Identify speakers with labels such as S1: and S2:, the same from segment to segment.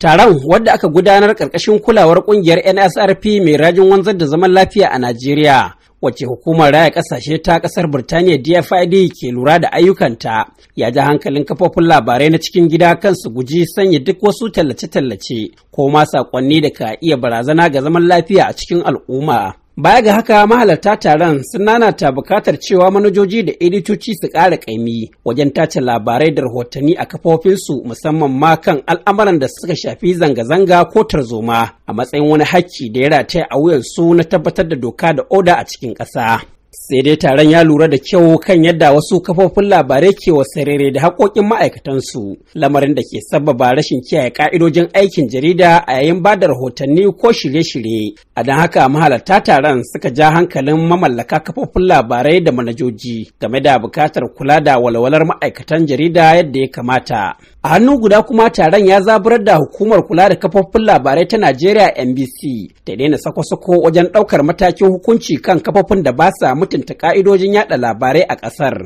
S1: Taron wadda aka gudanar ƙarƙashin kulawar ƙungiyar NSRP mai rajin wanzar da zaman lafiya a Najeriya, wacce hukumar raya ƙasashe ta ƙasar Birtaniya DFID ke lura da ayyukanta, ya ji hankalin kafofin labarai na cikin gida kan su guji sanya duk wasu tallace-tallace ko ma saƙonni da ka iya barazana ga zaman lafiya a cikin al'umma. Baya ga haka mahalarta taron sun nanata bukatar cewa manajoji da editoci su ƙara ƙaimi wajen tace labarai da rahotanni a kafofinsu musamman ma kan al'amuran da suka shafi zanga-zanga ko tarzoma a matsayin wani hakki da ya rataya a su na tabbatar da doka da oda a cikin ƙasa. sai dai taron ya lura da kyau kan yadda wasu kafofin labarai ke wasarere da haƙoƙin ma'aikatansu lamarin da ke sababa rashin kiyaye ƙa'idojin aikin jarida a yayin ba da rahotanni ko shirye-shirye a don haka mahalarta taron suka ja hankalin mamallaka kafofin labarai da manajoji game da buƙatar kula da walwalar ma'aikatan jarida yadda ya kamata a hannu guda kuma taron ya zaburar da hukumar kula da kafofin labarai ta najeriya nbc ta daina sako-sako wajen ɗaukar matakin hukunci kan kafofin da ba sa mutunta ka'idojin yada labarai a ƙasar.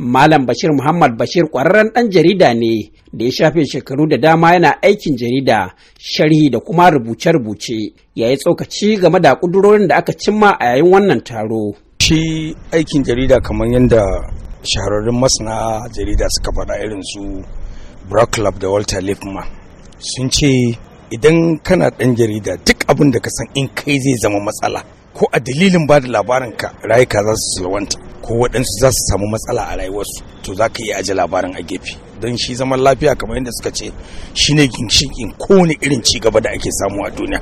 S1: Malam Bashir Muhammad Bashir ƙwararren ɗan jarida ne da ya shafe shekaru da dama yana aikin jarida, sharhi da kuma rubuce-rubuce. Ya yi tsokaci game da ƙudurorin da aka cimma a yayin wannan taro. Shi aikin jarida kamar yadda shahararrun
S2: masana jarida suka faɗa irin su Brock Club da Walter Lippmann sun ce idan kana ɗan jarida duk abin da ka san in kai zai zama matsala ko a dalilin ba da labarin ka rayuka za su salwanta ko waɗansu za su samu matsala a rayuwarsu to za ka iya aje labarin a gefe don shi zaman lafiya kamar yadda suka ce shi ne ginshikin kowane irin ci gaba da ake samu a duniya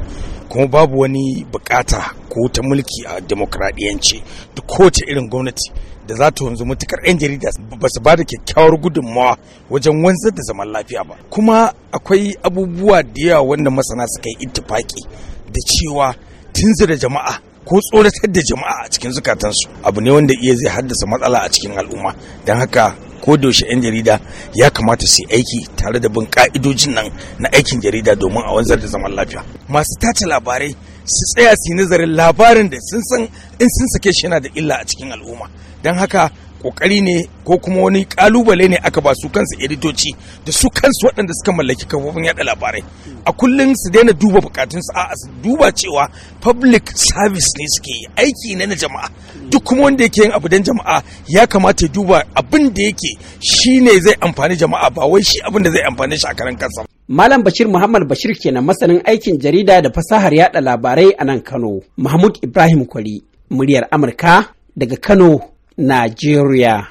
S2: kuma babu wani bukata ko ta mulki a demokradiyanci da kowace irin gwamnati da za ta wanzu matukar 'yan jarida ba su ba da kyakkyawar gudunmawa wajen wanzar da zaman lafiya ba kuma akwai abubuwa da yawa wanda masana suka yi ittifaki da cewa tunzura jama'a ko tsoratar da jama'a a cikin zukatansu abu ne wanda iya zai haddasa matsala a cikin al'umma don haka ko yaushe 'yan jarida ya kamata su aiki tare da bin ka'idojin nan na aikin jarida domin a wanzar da zaman lafiya masu tace labarai su tsaya su yi nazarin labarin da sun san in sun sake shi yana da illa a cikin al'umma don haka kokari ne ko kuma wani kalubale ne aka ba su kansu editoci da su kansu waɗanda suka mallaki kafofin yaɗa labarai a kullum su daina duba su a su duba cewa public service ne suke yi aiki ne na jama'a duk kuma wanda yake yin abu don jama'a ya kamata ya duba abin da yake ne zai amfani jama'a ba wai shi abin da zai amfani shi a karan kansa
S1: Malam Bashir Muhammad Bashir kenan masanin aikin jarida da fasahar yaɗa labarai a nan Kano. Mahmud Ibrahim Kwari, muryar Amurka daga Kano, Nigeria